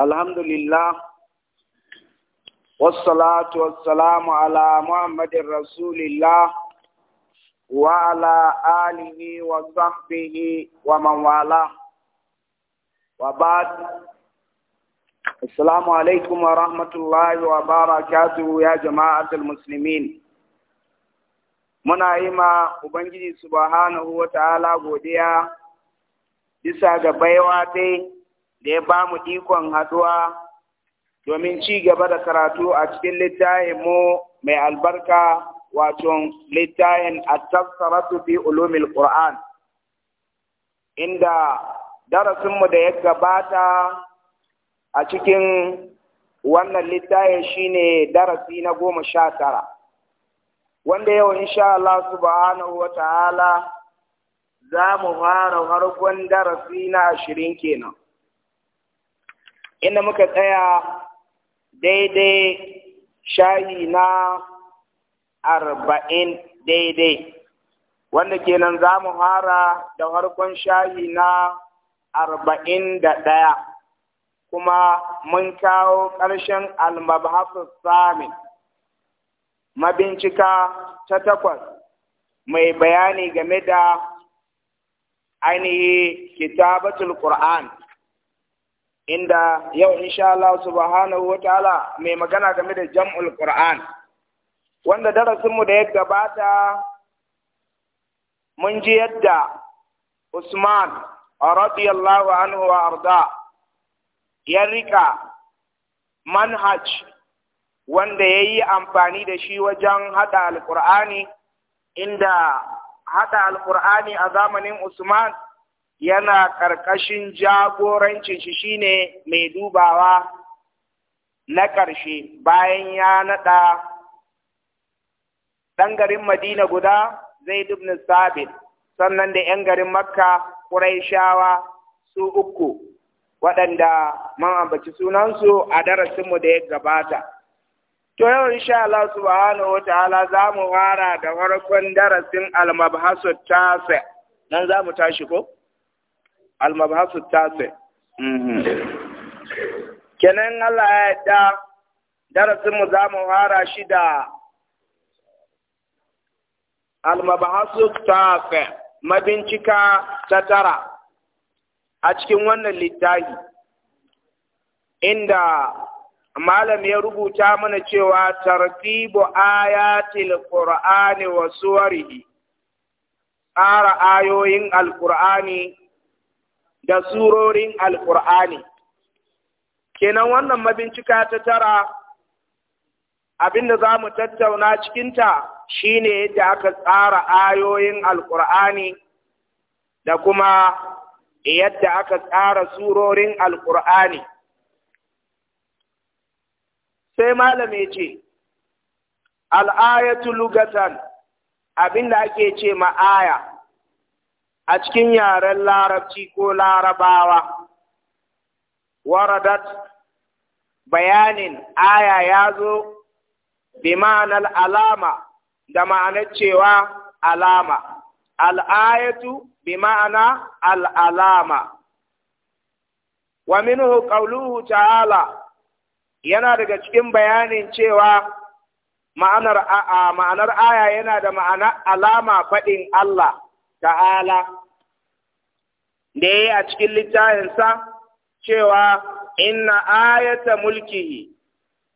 الحمد لله والصلاة والسلام على محمد رسول الله وعلى آله وصحبه ومن والاه وبعد السلام عليكم ورحمة الله وبركاته يا جماعة المسلمين muna yi ma Ubangiji subhanahu wa ta'ala godiya bisa ga baiwa dai da ya ba mu ikon haɗuwa domin ci gaba da karatu a cikin littafin mu mai albarka wato littafin at-tafsiratu fi ulumil qur'an inda darasinmu da ya gabata a cikin wannan littafin shine darasi na goma sha tara wanda yau insha Allah subhanahu wa ta'ala za mu fara harkon darasi na ashirin kenan inda muka tsaya daidai shayi na arba'in daidai wanda kenan za mu hara da harkon shayi na arba'in da ɗaya kuma mun kawo ƙarshen almabhasu sami mabincika ta takwas mai bayani game da ainihi kitabatul Qur'an inda yau insha Allah subhanahu wa ta'ala mai magana game da jam'ul Qur'an wanda darasinmu da ya gabata mun ji yadda Usman radiyallahu anhu wa arda ya rika manhaj wanda ya yi amfani da shi wajen haɗa alƙur'ani inda haɗa alƙur'ani a zamanin Usman yana ƙarƙashin jagorancin shi shine mai dubawa na ƙarshe bayan ya naɗa ɗan garin Madina guda zai dubna sabit sannan da ‘yan garin Makka shawa su uku waɗanda man ambaci sunansu a darasinmu da ya gabata. To yau insha Allah subhanahu wata za mu fara da farkon darasin almabhasu tasa nan za mu tashi ko? almabhasu tase mhm. kenan Allah ya da darasin mu za mu fara shi da almabhasu tase mabincika ta tara a cikin wannan littafi inda malam ya rubuta mana cewa tartibu ayatil qur'ani wa suwarihi tsara ayoyin alqur'ani da surorin alƙur'ani kenan wannan mabincika ta tara Abin da za mu tattauna cikinta shine yadda aka tsara ayoyin alƙur'ani da kuma yadda aka tsara surorin alƙur'ani sai malame ce al'ayatu lugatan abinda ake ce ma'aya a cikin yaren larabci ko larabawa waradat bayanin aya ya zo bi ma'anar alama da ma'anar cewa alama al'ayatu bi ma'ana al'alama wa minhu qawluhu ta'ala yana daga cikin bayanin cewa ma'anar aya yana da ma'ana alama faɗin Allah ta'ala da ya yi a cikin littafinsa cewa inna ayata mulkihi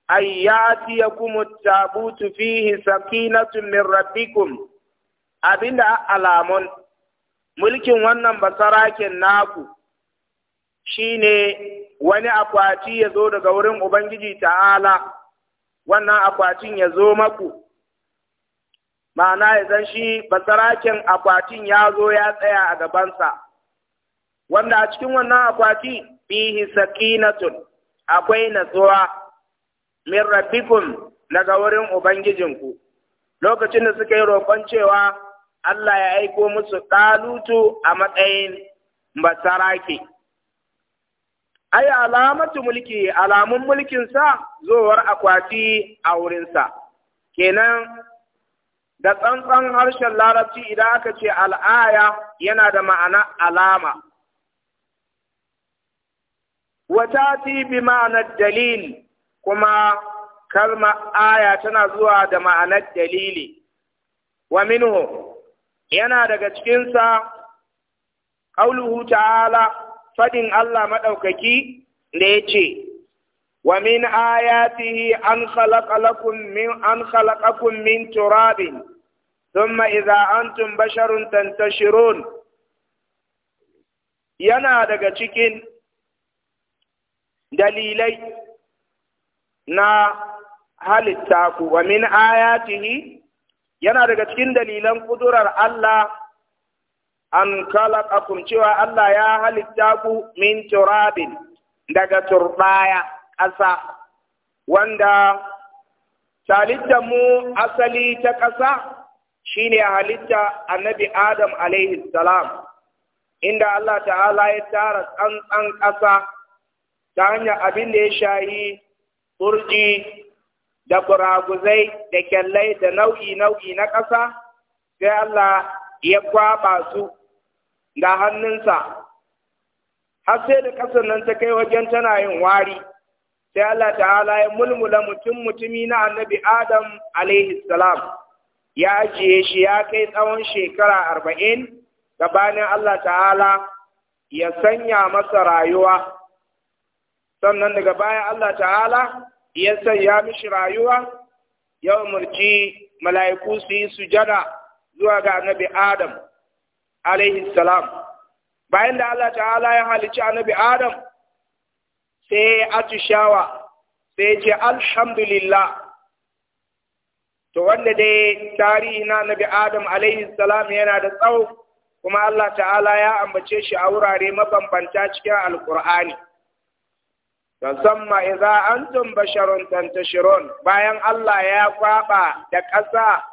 ay ya at-tabutu fihi sakinatun min rabbikum abinda alamun mulkin wannan basaraken naku shine wani akwati ya zo daga wurin ubangiji ta'ala wannan akwatin ya zo maku ma'ana ya zan shi basaraken akwatin ya zo ya tsaya a gabansa wanda a cikin wannan akwati fihi sakinatun akwai natsuwa min rabbikum daga wurin ubangijinku lokacin da suka yi roƙon cewa Allah ya aiko musu ƙalutu a matsayin basarake. Ai, alamatu mulki, alamun mulkin sa, zowar akwati a wurinsa, kenan da tsantsan harshen larabci idan aka ce al'aya yana da ma'ana alama. watati bi ma'anar dalil kuma kalma aya tana zuwa da ma'anar dalili wa minhu yana daga cikinsa ƙauluhu ta'ala fadin Allah maɗaukaki da ya ce wa min ayatihi an min an khalaqakum min turabin thumma idza antum basharun tantashirun yana daga cikin dalilai na halitta ku wa min ayatihi yana daga cikin dalilan kudurar Allah an kalaqakum cewa Allah ya halitta ku min turabin daga turbaya ƙasa wanda halitta mu asali ta ƙasa shine halitta annabi Adam alaihi salam inda Allah ta'ala ya tara tsantsan ƙasa ta hanyar abin da ya shayi turji da kuraguzai da kyallai da nau'i-nau'i na ƙasa sai Allah ya kwaba su da hannunsa har sai da ƙasar nan ta kai wajen tana yin wari sai Allah ta'ala ya mulmula mutum mutumi na annabi Adam salam ya ajiye shi ya kai tsawon shekara arba'in gabanin Allah ta'ala ya sanya masa rayuwa sannan daga baya Allah ta'ala ya sanya mishi rayuwa ya umarci mala'iku su yi sujada zuwa ga annabi Adam alaihi salam bayan da Allah ta'ala ya halicci annabi Adam sai ya atishawa sai ya ce alhamdulillah to wanda dai tarihi na annabi Adam alaihi salam yana da tsawo kuma Allah ta'ala ya ambace shi a wurare mabambanta cikin alkur'ani. Tasamma idza antum basharun tantashirun bayan Allah ya kwaba da ƙasa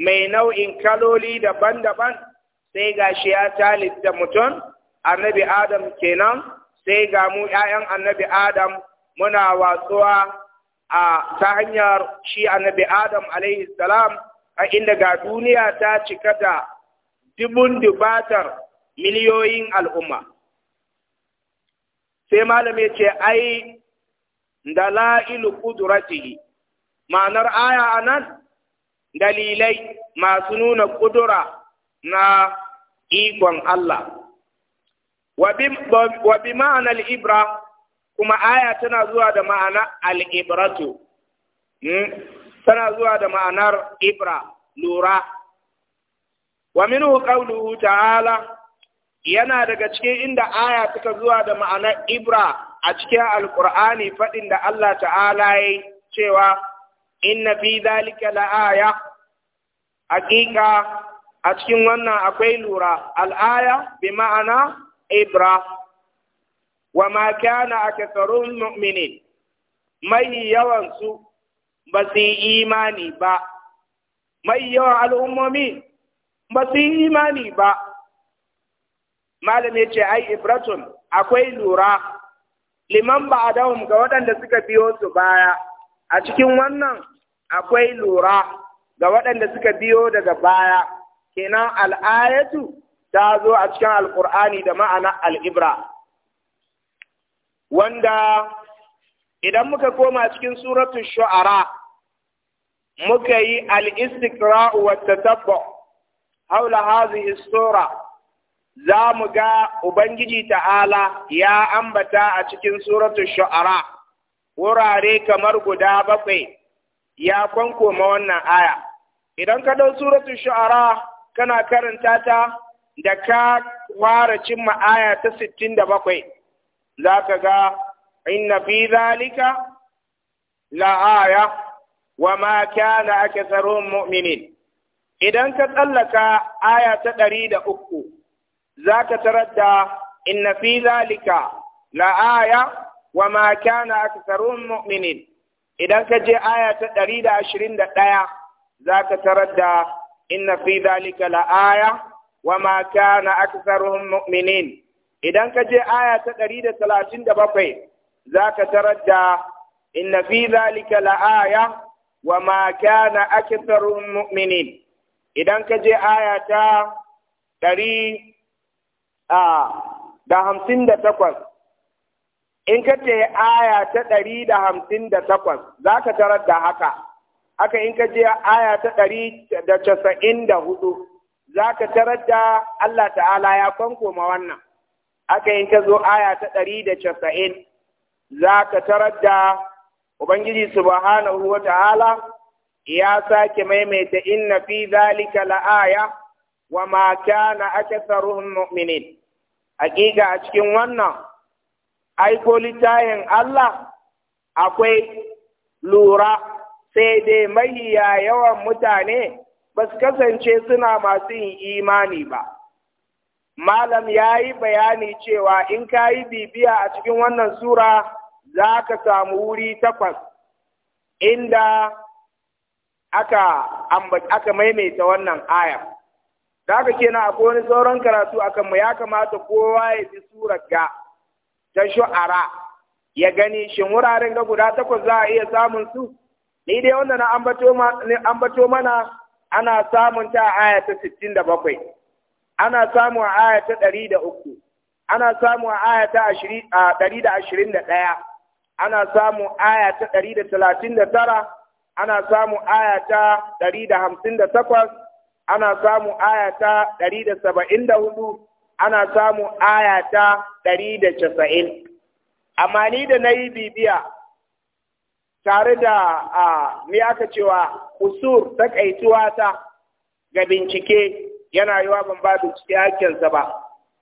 mai nau'in kaloli daban-daban sai gashi ya talitta mutum annabi Adam kenan sai ga mu ƴaƴan annabi Adam muna watsuwa a ta hanyar shi annabi Adam alaihi salam a inda ga duniya ta cika da dubun dubatar miliyoyin al'umma sai malam ya ce ai dala'ilu qudratihi ma'anar aya anan dalilai masu nuna kudura na ikon Allah wa bi ma'anar ibra kuma aya tana zuwa da ma'ana al'ibratu hmm? tana zuwa da ma'anar ibra lura wa minhu qawluhu ta'ala yana daga cikin inda aya suka zuwa da ma'anar ibra a cikin alkur'ani faɗin da Allah ta'ala ya yi cewa inna fi zalika la'aya hakika a cikin wannan akwai lura al'aya bi ma'ana ibra wa ma kana akatharun mu'minin mai yawan su ba su yi imani ba mai yawan al'ummomi ba su yi imani ba malam ya ce ai ibratun akwai lura liman ba adawum ga waɗanda suka biyo su baya a cikin wannan akwai lura ga waɗanda suka biyo daga baya kenan al'ayatu ta zo a cikin Alƙur'ani da ma'ana al'ibra wanda idan muka koma cikin suratun shu'ara muka yi al wata wa haula hadhihi sura za mu ga Ubangiji ta'ala ya ambata a cikin suratu sha'ara wurare kamar guda bakwai ya kwankoma wannan aya. Idan ka ɗau suratu sha'ara kana karanta ta da ka kwara cimma aya ta sittin da bakwai, za ka ga inna fi zalika la wa ma kana ake tsaron mu'minin. Idan ka tsallaka aya ta ɗari da uku, za ka tarar da inna fi zalika la'aya wa ma kana aktharuhum mu'minin idan ka je aya ta 121 za ka tarar da inna fi zalika la'aya wa ma kana aktharuhum mu'minin idan ka je aya ta 137 za ka tarar da inna fi zalika la'aya wa ma kana aktharuhum mu'minin idan ka je aya ta ɗari a da hamsin da takwas in ka ce aya ta ɗari da hamsin da takwas za ka tarar da haka haka in ka je aya ta ɗari da casa'in da hudu za ka tarar da Allah ta'ala ya kwankoma wannan haka in ka zo aya ta ɗari da casa'in za ka tarar da Ubangiji subhanahu wa ta'ala ya sake maimaita inna fi zalika la'aya wa ma kana akatharuhum mu'minin hakika a cikin wannan aiko littafin Allah akwai lura sai dai mahiya yawan mutane ba su kasance suna masu yin imani ba. Malam ya yi bayani cewa in ka yi bibiya a cikin wannan sura za ka samu wuri takwas inda aka, aka maimaita wannan aya. da haka kenan akwai wani sauran karatu a kanmu ya kamata kowa ya fi surar ga ta shu'ara ya gani shin wuraren ga guda takwas za a iya samun su ni dai wanda na ambato mana ana samun ta a aya ta 67 ana samun a aya ta 103 ana samun a aya ta 121 ana da aya ta 139 ana da aya ta 158 ana samu aya ta 174 ana samu aya ta casa'in. amma ni da na yi bibiya tare da a me aka cewa kusur takaituwa ta ga bincike yana yiwa ban ba bincike hakkinsa ba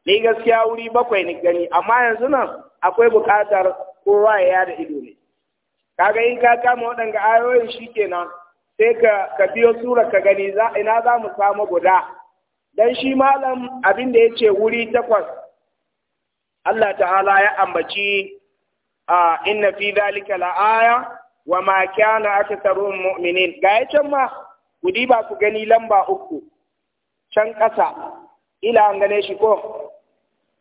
ni gaskiya wuri bakwai ni gani amma yanzu nan akwai buƙatar kowa ya da ido ne kaga in ka kama waɗanda ayoyin shi kenan sai ka ka biyo sura ka gani ina za mu samu guda dan shi malam abin da yace wuri takwas Allah ta'ala ya ambaci a inna fi dhalika la'aya wa ma kana aktharuhum mu'minin ga yace ma ku ba ku gani lamba uku can ƙasa ila an gane shi ko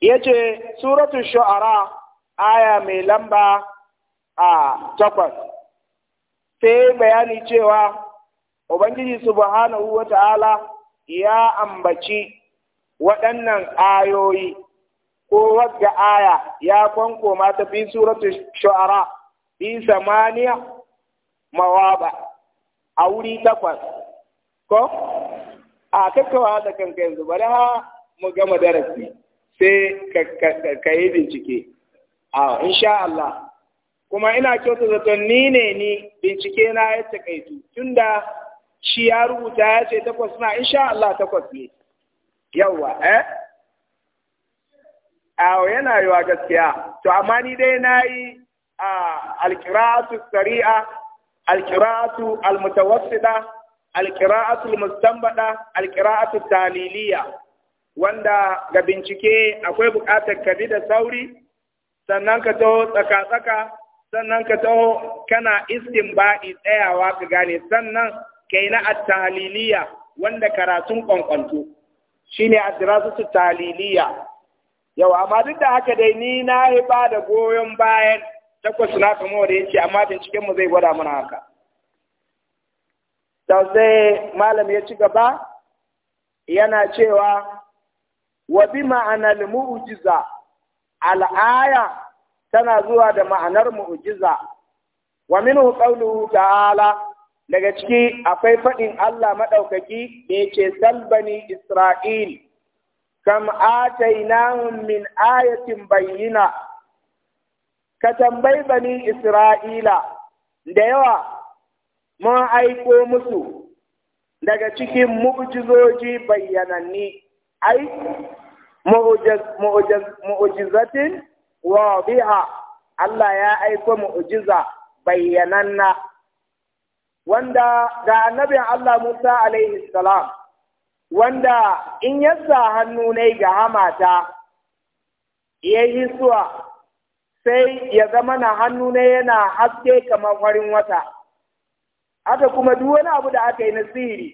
yace suratul shu'ara aya mai lamba a takwas sai bayani cewa ubangiji subhanahu wata'ala ya ambaci waɗannan ayoyi ko wadda aya ya kwankoma ta fi suratu shu'ara fi samaniya mawaba a wuri takwas ko a kakkawa da kanka yanzu bari ha mu gama darasi sai ka yi bincike a insha Allah kuma ina kyauta zaton ni ne ni bincike na ya takaitu tunda shi ya rubuta ya ce takwas na insha Allah takwas ne yawa eh awo yana yiwa gaskiya to amma ni dai nayi alqira'atu sari'a alqira'atu almutawassita alqira'atu almustanbada alqira'atu taliliya wanda ga bincike akwai bukatar ka bi da sauri sannan ka taho tsaka-tsaka sannan ka taho kana istin ba'i tsayawa ka gane sannan kai na at-tahliliya wanda karatun kwankwanto shine ad-dirasatu tahliliya yau amma duk da haka dai ni na yi ba da goyon bayan takwas na kuma da yace amma binciken mu zai gwada mana haka da sai malam ya ci gaba yana cewa wa bi ma'anar mu'jiza al'aya tana zuwa da ma'anar mu'jiza wa minhu qawluhu ta'ala daga ciki akwai faɗin Allah maɗaukaki da yake salbani Isra'il, kam atainahum min ayatin bayyina, ka tambayi bani Isra'ila da yawa mun aiko musu daga cikin mu'jizoji bayyananni, ai, mu'jizatin wa biha Allah ya aiko mu'jiza bayyananna. wanda ga annabin Allah Musa alaihi salam wanda in ya sa hannu ne ga hamata ya yi suwa sai ya zama na hannu ne yana haske kamar farin wata haka kuma duk wani abu da aka yi na sihiri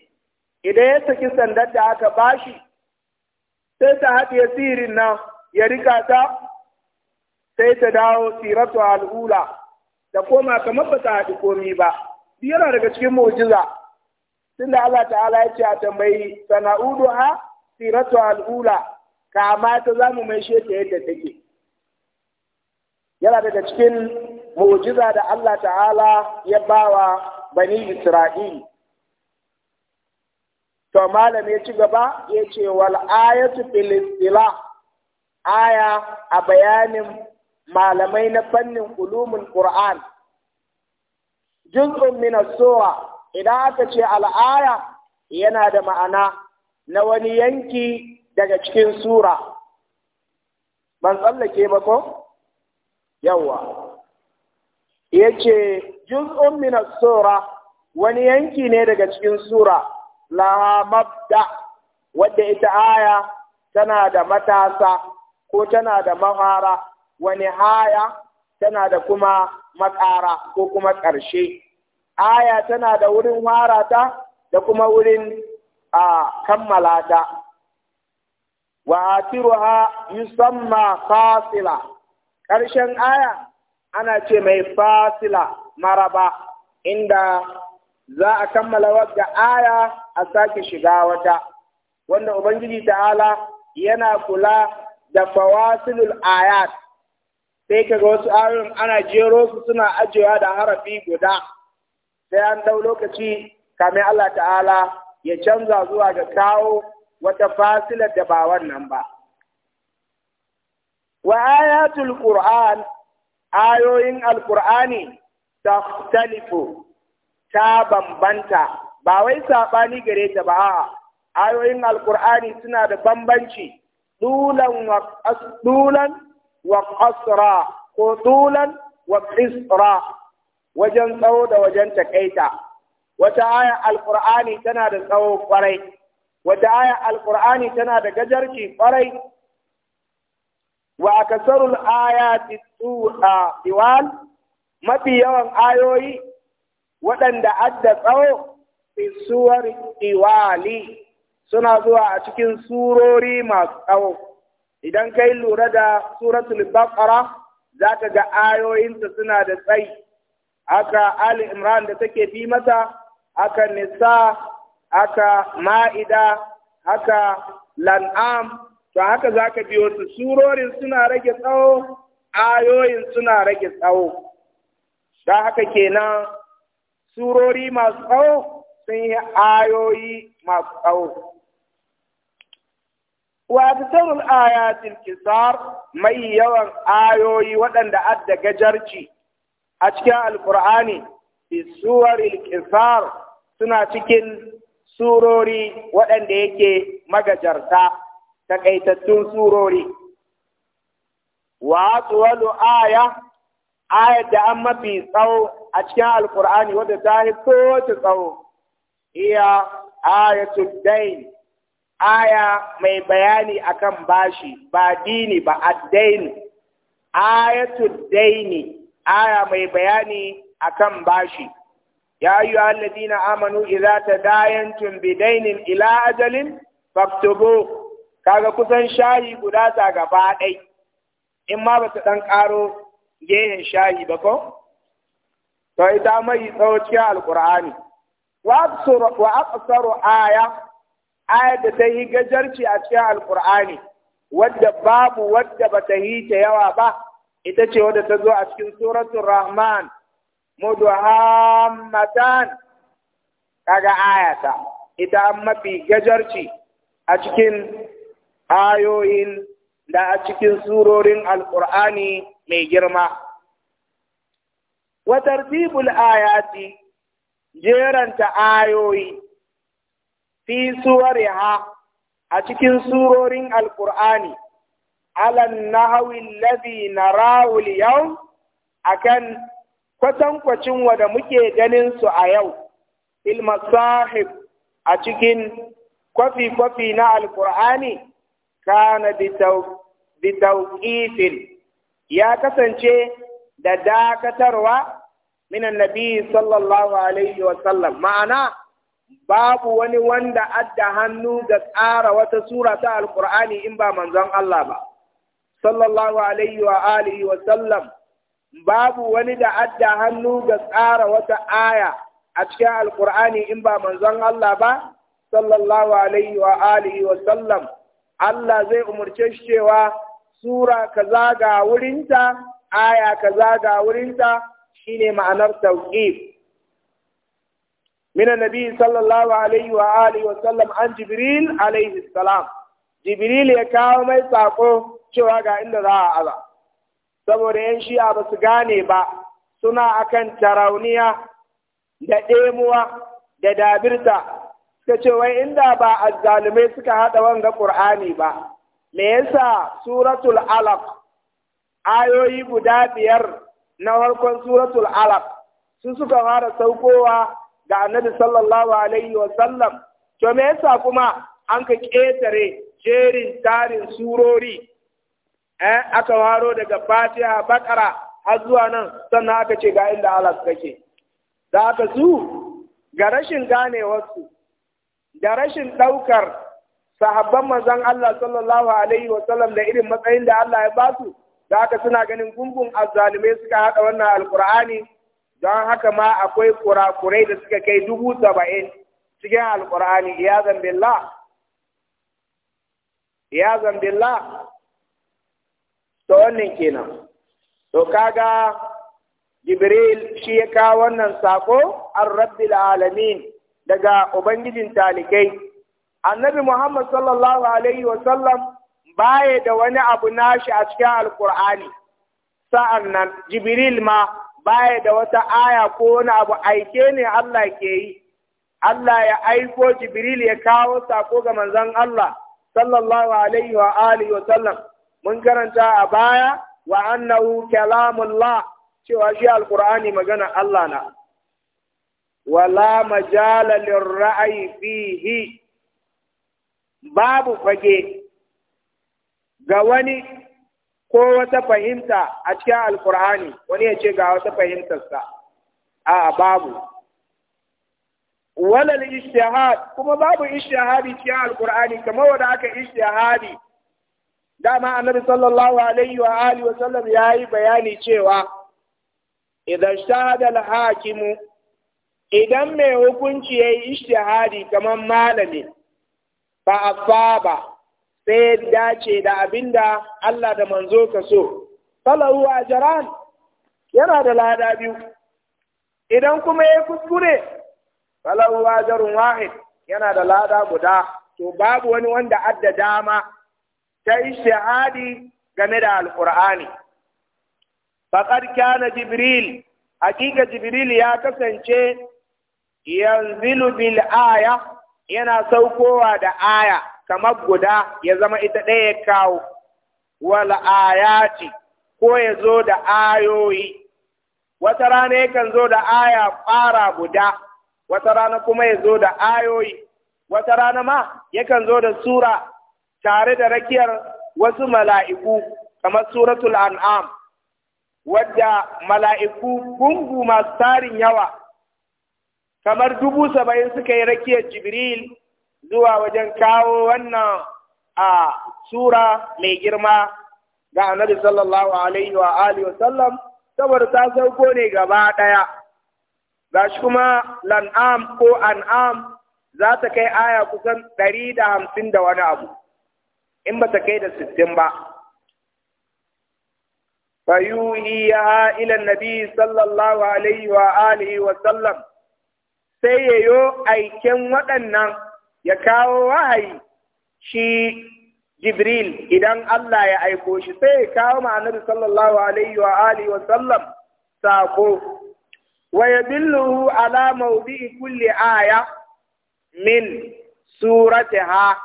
idan ya saki sandar da aka bashi sai ta haɗe sihirin nan ya rika ta sai ta dawo siratu al'ula da koma kamar ba ta haɗi komi ba yana daga cikin mu'jiza tunda Allah ta'ala ya ce a tambayi sana'udu ha siratu al'ula kama ta zamu mai she ta yadda take yana daga cikin mu'jiza da Allah ta'ala ya bawa bani Isra'il to malam ya ci gaba ya ce wal ayatu fil aya a bayanin malamai na fannin ulumul qur'an juz'un min as-sura idan aka ce al-aya yana da ma'ana na wani yanki daga cikin sura ban tsallake ba ko yawa yace juz'un min as-sura wani yanki ne daga cikin sura la mabda wadda ita aya tana da matasa ko tana da mahara wani haya tana da kuma makara ko kuma ƙarshe aya tana da wurin warata da kuma wurin a ta wa atiruha yusamma fasila ƙarshen aya ana ce mai fasila maraba inda za a kammala wadda aya a sake shiga wata wanda ubangiji ta'ala yana kula da fawasilul ayat sai kaga wasu ayoyin ana jero su suna ajewa da harafi guda sai an dau lokaci kamin Allah ta'ala ya canza zuwa ga kawo wata fasilar da ba wannan ba wa ayatul qur'an ayoyin alqur'ani talifu ta bambanta ba wai saɓani gare ta ba ayoyin alqur'ani suna da bambanci dulan wa ko tulan wa qisra wajen tsawo da wajen taƙaita. wata aya alqur'ani tana da tsawo kwarai wata aya alqur'ani tana da gajarci kwarai wa akasarul ayati tu'a diwal mafi yawan ayoyi waɗanda adda tsawo isuwar iwali suna zuwa a cikin surori masu tsawo idan kai lura da suratul baqara za ka ga ayoyinta suna da tsayi aka ali imran da take bi mata aka nisa aka ma'ida aka lan'am to haka za ka biyo su surorin suna rage tsawo ayoyin suna rage tsawo Da haka kenan surori masu tsawo sun yi ayoyi masu tsawo wa tsarul ayatil kisar mai yawan ayoyi waɗanda adda gajarci a cikin alkur'ani fi suwaril kisar suna cikin surori waɗanda yake magajarta takaitattun surori wa atwalu aya ayat da an mafi tsawo a cikin Alƙur'ani wanda ta yi ta tsawo iya ayatul dai. aya mai bayani akan bashi ba dini ba addaini ayatu daini aya mai bayani akan bashi ya ayu alladina amanu idza tadayantum bidainin ila ajalin faktubu kaga kusan shayi guda ta gaba dai in ma ba ta dan karo gehen shayi ba ko to ita mai tsawaci cikin alqur'ani wa aqsaru aya ayar da ta yi gajarci a cikin Alƙur'ani, wadda babu wadda ba ta yi ta yawa ba ita ce wadda ta zo a cikin suratun rahman mudhammatan kaga ayata ita an mafi gajarci a cikin ayoyin da a cikin surorin Alƙur'ani mai girma wa tartibul ayati jeranta ayoyi fi suwariha a cikin surorin alkur'ani alan nahawi rahul yau a kan kwatankwacin wada muke ganin su a yau ilma sahib a cikin kwafi kwafi na alkur'ani kana bitauƙifin, ya kasance da dakatarwa min annabi sallallahu alaihi wa ma'ana babu wani wanda adda hannu ga tsara wata sura ta alkur'ani in ba manzon Allah ba sallallahu alaihi wa alihi wa sallam babu wani da adda hannu ga tsara wata aya a cikin alkur'ani in ba manzon Allah ba sallallahu alaihi wa alihi wa sallam Allah zai umarce shi cewa sura kaza ga wurinta aya kaza ga wurinta shine ma'anar tauqif من النبي صلى الله عليه وآله وسلم عن جبريل عليه السلام جبريل يكاو مي ساقو cewa ga inda za a aza saboda yan shi'a ba su gane ba suna a kan tarauniya da ɗemuwa da dabirta suka ce wai inda ba azzalumai suka haɗa wanga Kur'ani ba me yasa suratul alaq ayoyi guda biyar na farkon suratul alaq su suka fara saukowa da annabi sallallahu alaihi wa sallam to me yasa kuma an ka ƙetare jerin tarin surori eh aka waro daga fatiha bakara har zuwa nan sannan aka ce ga inda alas kake da aka su ga rashin ganewarsu da rashin ɗaukar sahabban manzon Allah sallallahu alaihi wa sallam da irin matsayin da Allah ya ba su da aka suna ganin gungun azzalumai suka haɗa wannan alkur'ani don haka ma akwai kurakurai da suka kai dubu saba'in cikin alkur'ani Ya zambilla ya zambilla to wannan kenan to kaga jibril shi ya kawo wannan sako an rabbil alamin daga ubangijin talikai annabi muhammad sallallahu alaihi wa sallam baya da wani abu nashi a cikin alkur'ani sa'an nan jibril ma baya da wata aya ko wani abu aike ne Allah ke yi Allah ya aiko Jibril ya kawo sako ga manzon Allah sallallahu alaihi wa alihi wa sallam mun karanta a baya wa annahu kalamullah cewa shi alkur'ani magana Allah na wala majala ra'ayi fihi babu fage ga wani ko wata fahimta a cikin alkur'ani wani ya ce ga wata fahimtarsa a babu walal ishtihad kuma babu ishtihadi cikin alkur'ani kamar wanda aka ishtihadi dama annabi sallallahu alaihi wa alihi wa sallam yayi bayani cewa idan shahada al hakim idan mai hukunci yayi ishtihadi kamar malami fa asaba sai ya dace da abinda Allah da manzo ka so falahu jaran yana da lada biyu idan kuma ya kuskure falahu jarun wahid yana da lada guda to babu wani wanda adda dama ta shahadi game da Alƙur'ani. faqad kyana jibril hakika jibril ya kasance yanzu bil aya yana saukowa da aya kamar guda ya zama ita ɗaya kawo wala ayati ko ya zo da ayoyi wata rana yakan zo da aya fara guda wata rana kuma ya zo da ayoyi wata rana ma yakan zo da sura tare da rakiyar wasu mala'iku kamar suratul an'am wadda mala'iku gungu masu tarin yawa kamar dubu saba'in suka yi rakiyar jibril zuwa wajen kawo wannan a sura mai girma ga annabi sallallahu alaihi wa alihi wa sallam saboda ta sauko ne gaba ɗaya gashi kuma lan'am ko an'am za ta kai aya kusan ɗari da hamsin da wani abu in ba ta kai da sittin ba fayuhiya ila nabi sallallahu alaihi wa alihi wa sallam sai yayo aiken waɗannan ya kawo wahayi shi Jibril idan Allah ya aiko shi sai ya kawo ma Annabi sallallahu alaihi wa alihi wa sallam sako wa yadilluhu ala mawdi'i kulli aya min suratiha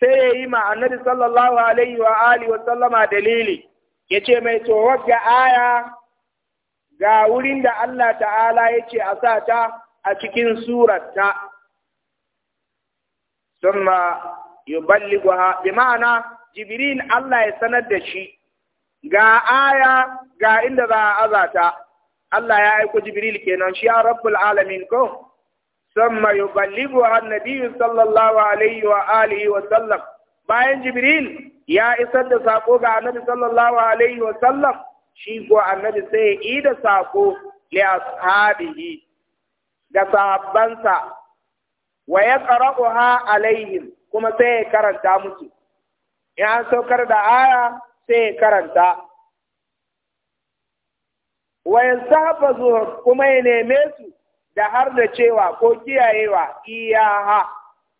sai ya yi ma sallallahu alaihi wa alihi wa sallama dalili yace mai to ga aya ga wurin da Allah ta'ala yace a sa ta a cikin surata thumma yuballighuha bi ma'ana jibril Allah ya sanar da shi ga ga inda za a azata Allah ya aiko jibril kenan shi a rabbul ko ثم يبلغها النبي صلى الله عليه وآله وسلم bayan jibril ya isar da sako ga annabi sallallahu alaihi wa sallam shi ko annabi sai ya yi da sako li ashabihi ga sahabbansa wa yaqra'uha alaihim kuma sai ya karanta musu in an saukar da aya sai ya karanta wa zuwa kuma ya neme su da har da cewa ko kiyayewa iyaha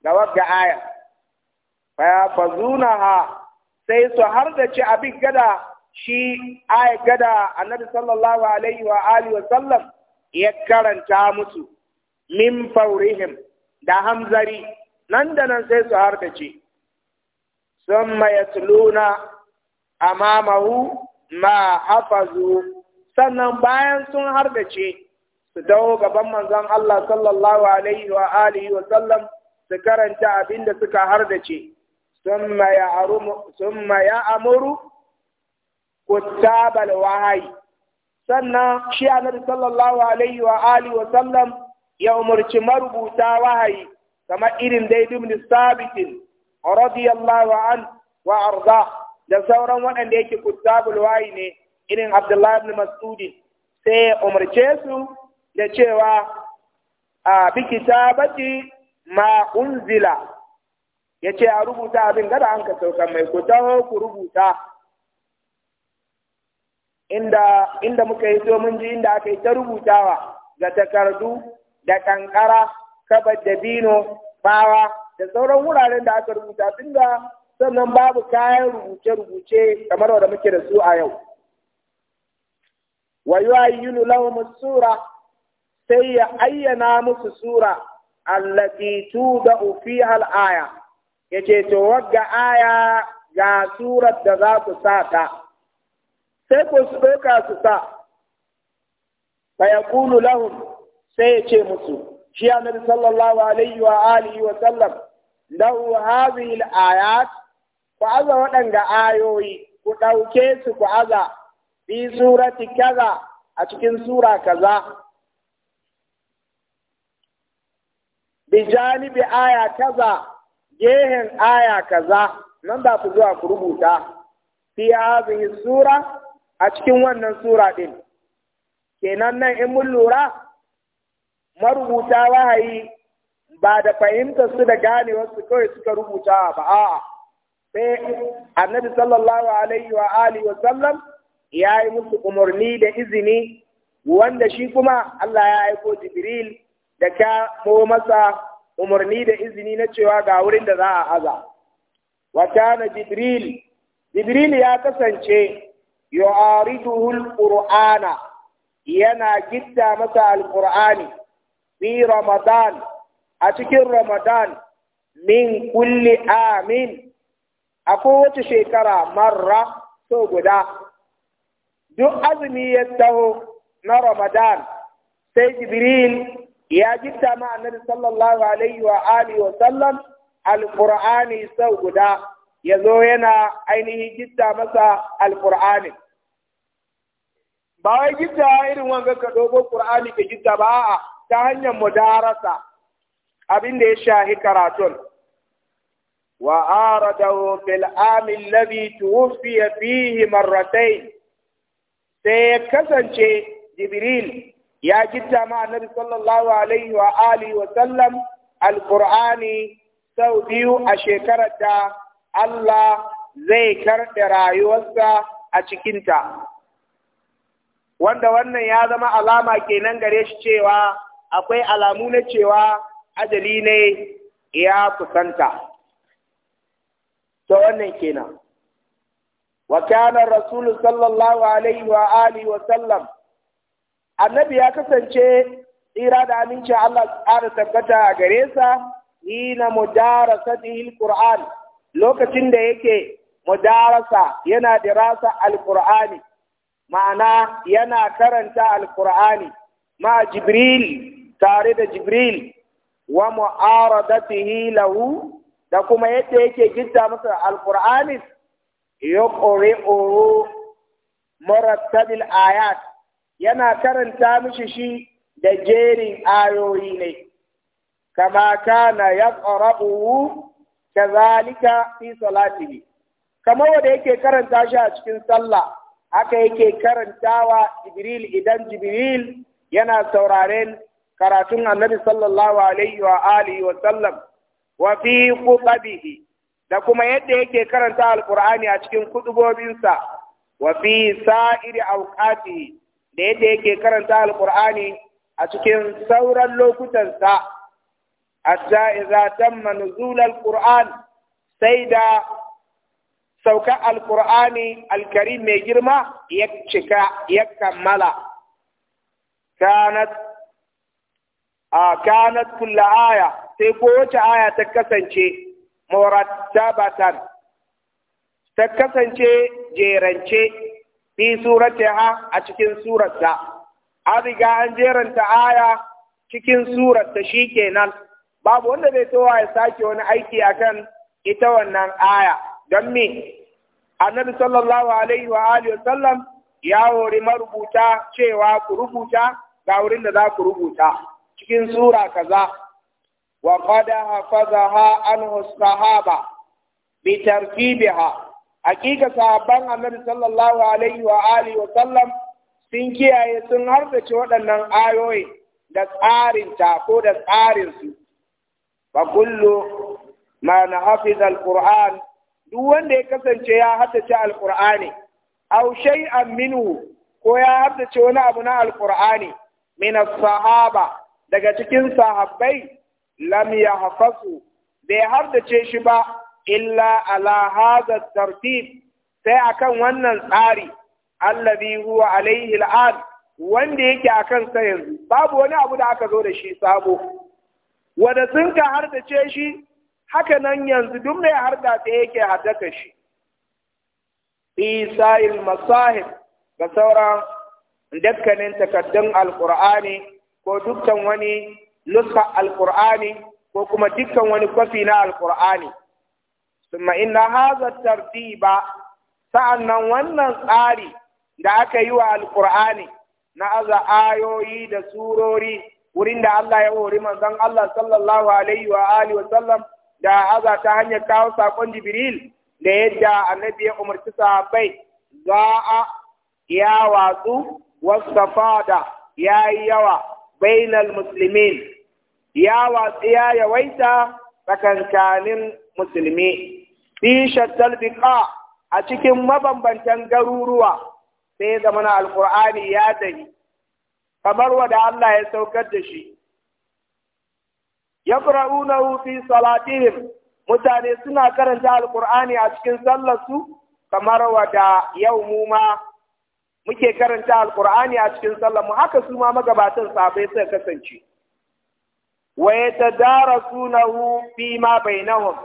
ga wagga aya fa ha, sai su har da ci abin gada shi aya gada annabi sallallahu alaihi wa alihi wa sallam ya karanta musu min faurihim da hamzari nan da nan sai su harkace summa yatluna amamahu ma hafazu sannan bayan sun harkace su dawo gaban manzon Allah sallallahu alaihi wa alihi wa sallam su karanta abin da suka harkace summa ya amuru kutabal wahayi sannan shi annabi sallallahu alaihi wa alihi wa sallam ya umarci marubuta wahayi kama irin dai ibn sabitin radiyallahu an wa arda da sauran waɗanda yake kutabul wahayi ne irin abdullahi ibn mas'udi sai ya umarce su da cewa a bi kitabati ma unzila yace a rubuta abin gada an ka saukan mai ku taho ku rubuta inda muka yi so mun ji inda aka yi ta rubutawa ga takardu da kankara kabar da bino bawa da sauran wuraren da aka rubuta tunda sannan babu kayan rubuce-rubuce kamar wanda muke da su a yau wa yu'ayyinu sura sai ya ayyana musu sura allati da fiha al'aya ya ce to wadda aya ga surar da za su sa ta sai ko su doka su sa fa yaqulu lahum sai ya ce musu shi annabi sallallahu alaihi wa alihi wa sallam lahu hadhihi al-ayat ku aza waɗanda ayoyi ku ɗauke su ku aza bi surati kaza a cikin sura kaza bi janibi aya kaza gehen aya kaza nan da ku zuwa ku rubuta fi hadhihi sura a cikin wannan sura din kenan nan in mun lura marubuta wahayi ba da fahimtar su da ganewarsu kawai suka rubuta ba a'a sai annabi sallallahu alaihi wa alihi wa sallam ya yi musu umarni da izini wanda shi kuma Allah ya aiko Jibril da kamo masa umarni da izini na cewa ga wurin da za a aza. Wata na Jibril, Jibril ya kasance yu'ariduhul Qur'ana yana gidda masa al-Qur'ani fi Ramadan a cikin Ramadan min kulli amin a kowace shekara marra so guda duk azumi ya taho na Ramadan sai Jibril ya gitta ma annabi sallallahu alaihi wa alihi wa sallam alqur'ani sau guda ya zo yana ainihin gitta masa alqur'ani ba wai gitta irin wanga ka dogo qur'ani ka gitta ba a'a ta hanyar mudarasa abin da ya shahi karatun wa aradahu fil ami alladhi tuwfiya fihi marratayn sai ya kasance jibril ya gitta ma nabi sallallahu alaihi wa alihi wa sallam alqur'ani sau biyu a shekarar da Allah zai karɗe rayuwarsa a cikinta wanda wannan ya zama alama kenan gare shi cewa akwai alamu na cewa ajali ne ya kusanta to wannan kenan wa kana rasul sallallahu alaihi wa alihi wa sallam annabi ya kasance tsira da aminci Allah tsara tabbata a gare sa Ni na hina mudarasatihi Qur'an lokacin da yake mudarasa yana dirasa al-Qur'ani, ma'ana yana karanta al-Qur'ani, ma jibril tare da jibril wa mu'aradatihi lahu da kuma yadda yake gidda masa Al-Qur'anis, alqur'ani yuqri'u murattabil ayat yana karanta mishi shi da jerin ayoyi ne kama kana yaqra'u kazalika fi salatihi kamar wanda yake karanta shi a cikin sallah haka yake karantawa jibril idan jibril yana sauraren karatun annabi sallallahu alaihi wa alihi wa sallam wa fi da kuma yadda yake karanta alqur'ani a cikin kutubobinsa wa fi sa'iri da yadda yake karanta alqur'ani a cikin sauran lokutansa hatta idza tamma nuzul alqur'an sai da sauka alqur'ani alkarim mai girma ya cika ya kammala kanat a kanat kulla aya sai ko wace aya ta kasance murattabatan ta kasance jerance fi suratiha a cikin surarta an riga an jeranta aya cikin surarta shikenan babu wanda zai towa ya sake wani aiki akan ita wannan aya don me annabi sallallahu alaihi wa alihi sallam ya hori marubuta cewa ku rubuta ga wurin da za ku rubuta cikin sura kaza wa qada hafazaha anhu sahaba bi tartibiha hakika sahaban annabi sallallahu alaihi wa alihi wa sallam sun kiyaye sun harbace waɗannan ayoyi da tsarin ta ko da tsarin su fa kullu ma na hafiza alquran duk wanda ya kasance ya haddace alqur'ani aw shay'an minhu ko ya haddace wani abu na alqur'ani min as-sahaba daga cikin sahabbai lam ya hafasu bai hardace shi ba illa ala hada tartib sai akan wannan tsari allazi huwa alaihi al'ad wanda yake akan sa yanzu babu wani abu da aka zo da shi sabo wanda sun ka hardace shi haka nan yanzu duk mai harda ta yake haddaka shi isa'il masahib ga sauran dakkanin takaddun alqur'ani ko dukkan wani nuska alkur'ani ko kuma dukkan wani kwafi na alkur'ani thumma inna hadha tartiba sa'annan wannan tsari da aka yi wa Alƙur'ani na aza ayoyi da surori wurin da Allah ya hori manzon Allah sallallahu alaihi wa alihi wa sallam da aza ta hanyar kawo sakon Jibril da yadda annabi ya umarci sahabbai za a ya watsu wasafada ya yi yawa bainal muslimin ya watsi ya yawaita tsakankanin musulmi fi shattal a cikin mabambantan garuruwa sai zama na alqur'ani ya dahi kamar wada Allah ya saukar da shi yaqra'unahu fi salatihim mutane suna karanta alqur'ani a cikin sallarsu kamar wada yau mu muke karanta alkur'ani a cikin sallar mu haka su ma magabatan sahabbai suka kasance wa yatadarasunahu fi ma bainahum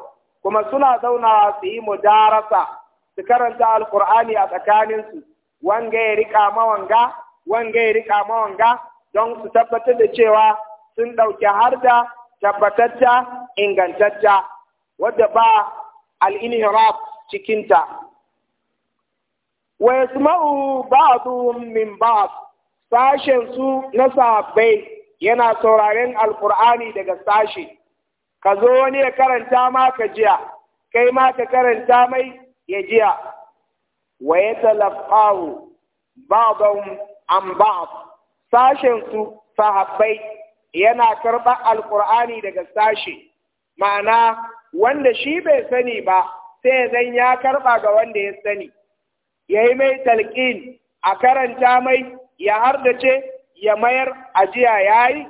kuma suna zaunawa su yi mudarasa su karanta alkur'ani a tsakaninsu wanga ya rika mawanga wanga ya rika mawanga don su tabbatar da cewa sun ɗauki har da tabbatacca ingantacca wadda ba al'inhiraf cikinta wa yasma'u ba'dhum min ba'd sashen su na sahabbai yana sauraren alkur'ani daga sashi ka zo wani ya karanta maka jiya kai ma ka karanta mai ya jiya wa ya ba'dhum an ba'd sashen su sahabbai yana karɓar alkur'ani daga sashi ma'ana wanda shi bai sani ba sai zan ya karɓa ga wanda ya sani ya yi mai talƙin a karanta mai ya ce ya mayar ajiya ya yi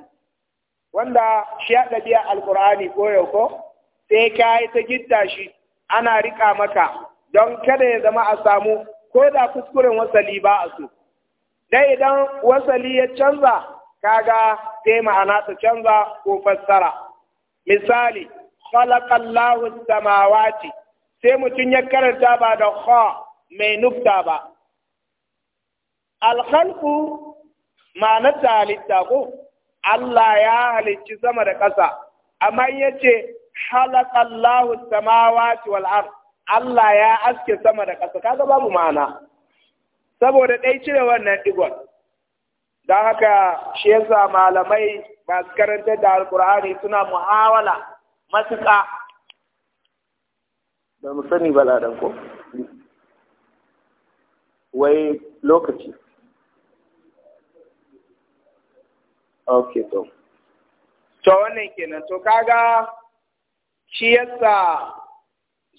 wanda shi ya ɗabi'a alƙur'ani ko yau sai ka yi ta gidda shi ana riƙa maka don kada ya zama a samu ko da kuskuren wasali ba a so dai idan wasali ya canza kaga sai ma'ana ta canza ko fassara misali khalaqallahu samawati sai mutum ya karanta ba da kha mai nufta ba alhalku na halitta ko Allah ya halicci sama da ƙasa amma ya ce halakallahu samawati wal ard Allah ya aske sama da ƙasa kaga babu ma'ana saboda ɗai cire wannan digon don haka shi yasa malamai masu karanta da alkur'ani suna muhawala matuƙa da mu sani bala ko wai lokaci ok to to wannan kenan to kaga shi yasa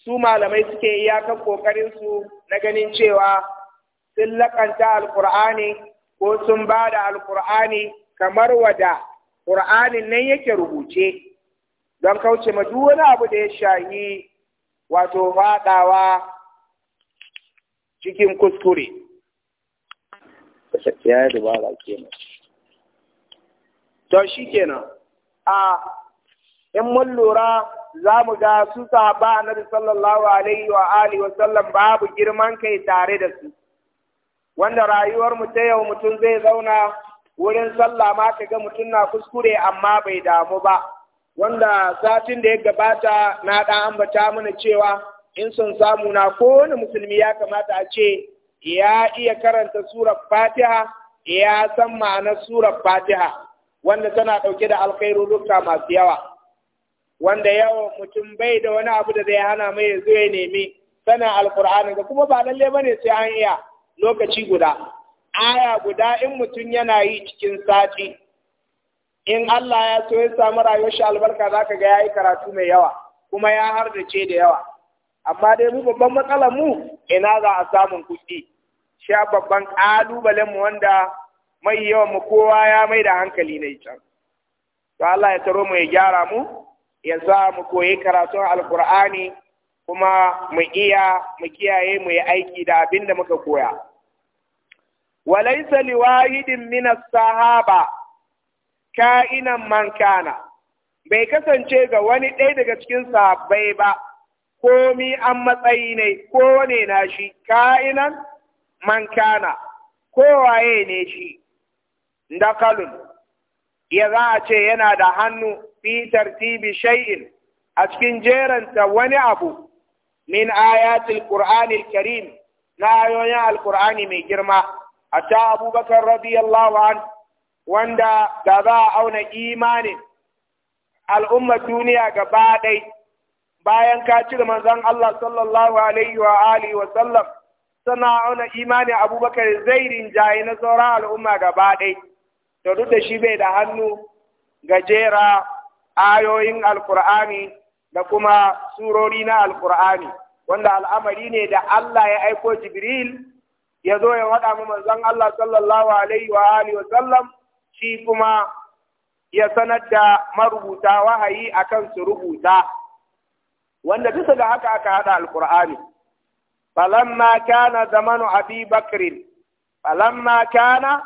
su malamai suke iyakar kokarin su na ganin cewa sun laƙanta alkur'ani ko sun ba da alkur'ani kamar wada ƙur'anin nan yake rubuce don kauce ma duk wani abu da ya shayi wato faɗawa cikin kuskure ya yi ke kenan to shi kenan a in mun lura za mu ga su sahaba annabi sallallahu alaihi wa alihi wa sallam babu girman kai tare da su wanda rayuwar mu ta yau mutum zai zauna wurin sallah ma ka ga mutum na kuskure amma bai damu ba wanda satin da ya gabata na ɗan ambata mana cewa in son samu na kowane musulmi ya kamata a ce ya iya karanta surar fatiha ya san ma'anar surar fatiha wanda tana ɗauke da alkhairurruka masu yawa wanda yawan mutum bai da wani abu da zai hana mai ya zo ya nemi sanin alkur'ani ga kuma ba lalle ba ne sai an iya lokaci guda aya guda in mutum yana yi cikin sati in Allah ya so ya samu rayuwar shi albarka zaka ga ya yi karatu mai yawa kuma ya ce da yawa amma dai mu babban matsalar mu ina za a samun kuɗi sha babban ƙalubalen mu wanda mai yawan mu kowa ya mai da hankali ne can to Allah ya taro mu ya gyara mu ya sa mu koyi karatun alkur'ani kuma mu iya mu kiyaye mu yi aiki da abin da muka koya walaisa liwahidin min as-sahaba ka'inan man kana bai kasance ga wani ɗaya daga cikin sahabbai ba komi an matsayi ne kowane na shi ka'inan man kana kowaye ne shi dakalun ya za a ce yana da hannu fi tartibi shay'in a cikin jeranta wani abu min ayatul qur'anil karim na ayoyin alqur'ani mai girma hatta abubakar radiyallahu an wanda da za a auna imanin al'ummar duniya gaba ɗaya bayan ka cire manzon Allah sallallahu alaihi wa alihi wa sallam sana auna imani abubakar zai rinjaye na sauran al'umma gaba ɗai to duk da shi bai da hannu gajera ayoyin alkur'ani da kuma surori na alkur'ani wanda al'amari ne da Allah ya aiko jibril ya zo ya waɗa mu manzon Allah sallallahu alaihi wa alihi wa sallam shi kuma ya sanar da marubuta wahayi akan su rubuta wanda bisa ga haka aka hada alkur'ani falamma kana zamanu abi bakrin falamma kana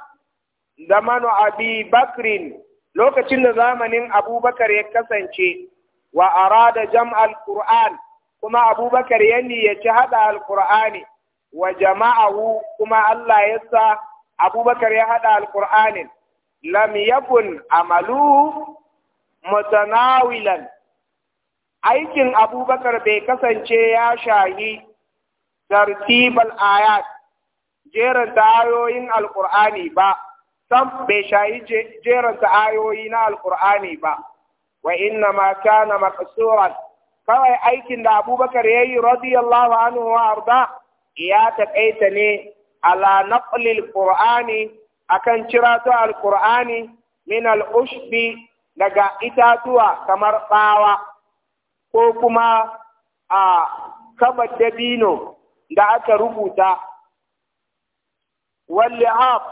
zamanu abi bakrin lokacin da zamanin abubakar ya kasance wa arada jam'al qur'an kuma abubakar ya niyyaci hada alkur'ani wa jama'ahu kuma Allah ya sa abubakar ya hada alqur'anin lam yakun amaluhu mutanawilan aikin abubakar bai kasance ya shahi tartibal ayat jeranta ayoyin alkur'ani ba sam bai shahi jeranta ayoyi na alkur'ani ba wa inna ma kana maqsuran kawai aikin da abubakar yayi yi radiyallahu anhu wa arda ya taƙaita ne ala naqlil qur'ani akan cirato alkur'ani min al daga itatuwa kamar bawa ko kuma a kabar dabino da aka rubuta haf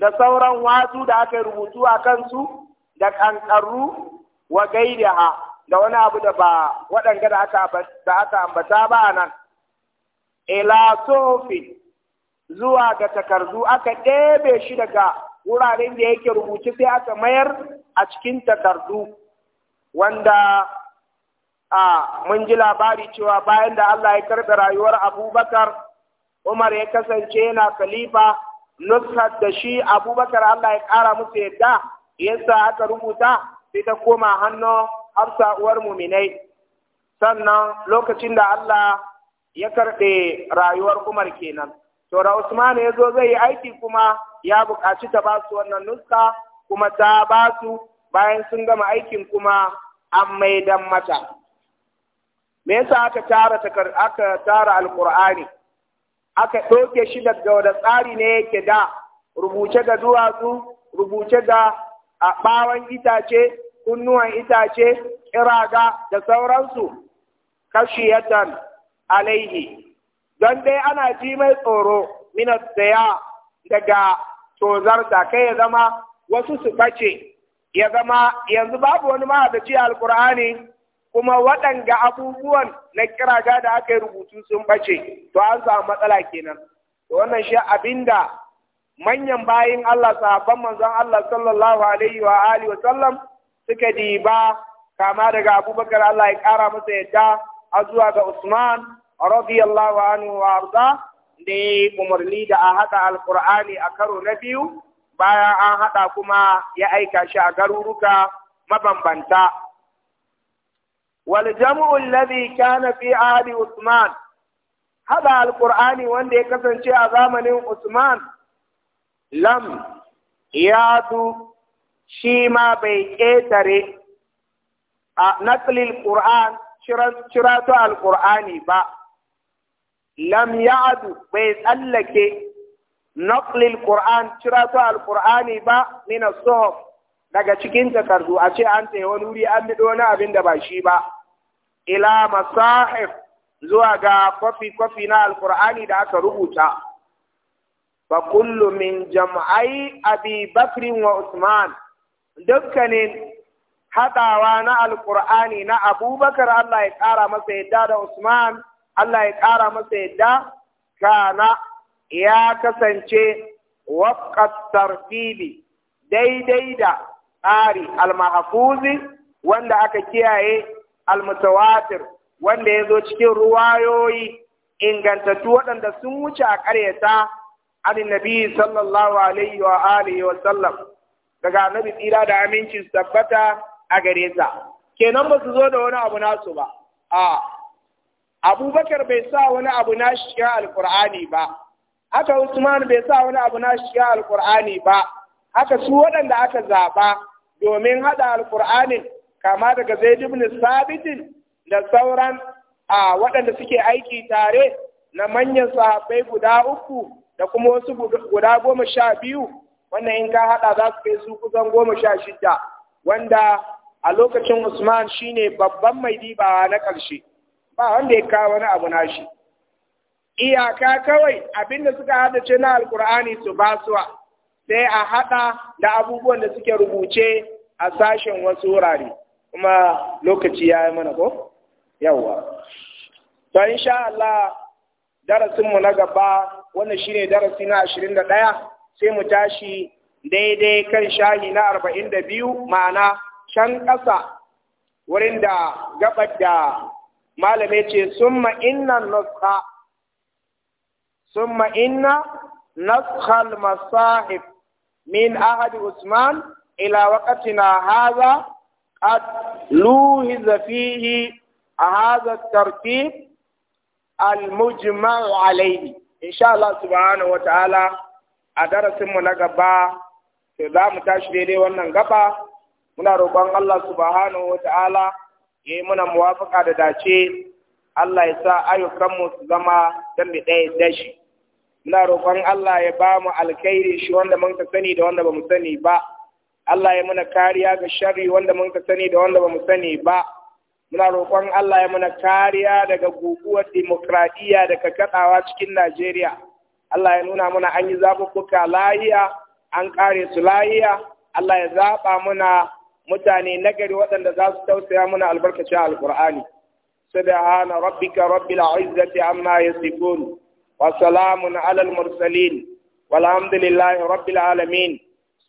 da sauran wazu da aka rubutu a kansu da ƙanƙarru wa gaidaha da wani abu da ba waɗanda da aka ambata ba a nan ila sofi zuwa ga takardu aka ɗebe shi daga wuraren da yake rubuci sai aka mayar a cikin takardu wanda a mun ji labari cewa bayan da Allah ya karɓi rayuwar abubakar umar ya kasance yana khalifa nusrat da shi abubakar Allah ya ƙara musu yadda yasa aka rubuta sai ta koma hannun hafsa uwar muminai sannan lokacin da Allah ya karɓe rayuwar umar kenan to da usman ya zo zai yi aiki kuma ya buƙaci ta ba su wannan nuska kuma ta ba su bayan sun gama aikin kuma an maidan mata me yasa aka tara takar aka tara alqur'ani aka ɗauke shi da wani tsari ne yake da rubuce ga duwatsu rubuce ga bawon itace kunnuwan itace ƙiraga da sauransu kashiyatan alaihi don dai ana ji mai tsoro minas daya daga da kai ya zama wasu su bace ya zama yanzu babu wani mahadaci alkur'ani kuma waɗanda abubuwan na kiraga da aka yi rubutu sun bace to an samu matsala kenan to wannan shi abinda manyan bayin Allah sahabban manzon Allah sallallahu alaihi wa alihi wa sallam suka diba kama daga Abubakar Allah ya kara masa yadda a zuwa ga Usman radiyallahu anhu wa arda da umarni da a haɗa alkur'ani a karo na biyu bayan an haɗa kuma ya aika shi a garuruka mabambanta waljamu ladhi kana fi ali usman hada alqur'ani wanda ya kasance a zamanin usman lam yadu shi ma bai kedare a naqlil qur'an shiratu alqur'ani ba lam yadu bai tsallake naqlil qur'an shiratu alqur'ani ba min daga cikin takardu a ce an tsaye wani wuri an mido na abinda ba shi ba ila masahif zuwa ga kwafi-kwafi na alkur'ani da aka rubuta fa kullu min jam'ai abi bakrin wa usman dukkanin haɗawa na alkur'ani na abubakar allah ya ƙara masa yadda da usman allah ya ƙara masa yadda kana ya kasance wafqat tartibi daidai da tsari almahafuzi wanda aka kiyaye almutawatir wanda ya zo cikin ruwayoyi ingantattu waɗanda sun wuce a ƙaryata an nabi sallallahu alaihi wa alihi wa sallam daga annabi tsira da aminci su tabbata a gare sa kenan ba su zo da wani abu nasu ba a abubakar bai sa wani abu na shiga alqur'ani ba haka usman bai sa wani abu na shiga alqur'ani ba haka su waɗanda aka zaɓa domin haɗa alqur'anin kama daga zaid ibn sabit da sauran a waɗanda suke aiki tare na manyan sahabbai guda uku da kuma wasu guda goma sha biyu wannan in ka haɗa za su kai su kusan goma sha shida wanda a lokacin usman shine babban mai dibawa na ƙarshe ba wanda ya kawo wani abu na shi iyaka kawai abinda suka ce na alkur'ani su basuwa sai a haɗa da abubuwan da suke rubuce a sashen wasu wurare kuma lokaci ya yi mana ko yawwa to insha Allah darasin mu na gaba wannan shine darasi na 21 sai mu tashi daidai kan shahi na 42 ma'ana can ƙasa wurin da gabar da malame ce summa inna nusha summa inna masahib min ahadi usman ila waqtina haza قد لوهز فيه هذا الترتيب المجمع عليه إن شاء الله سبحانه وتعالى أدرس منقبا إذا متشبيري وننقبا من ربان الله سبحانه وتعالى يمنا موافقة داشي Allah ya sa ayyukanmu su zama don da ɗaya dashi. Muna roƙon Allah ya ba mu alkhairi shi wanda mun sani da wanda ba mu sani ba. Allah ya muna kariya ga sharri wanda mun ka sani da wanda ba mu sani ba muna roƙon Allah ya muna kariya daga guguwar demokradiyya da kakatsawa cikin Najeriya Allah ya nuna muna an yi zaɓuɓɓuka lahiya an kare su lahiya Allah ya zaɓa muna mutane nagari waɗanda za su tausaya muna albarkacin alƙur'ani سبحان rabbika رب العزة عما يصفون وسلام على المرسلين والحمد لله رب alamin.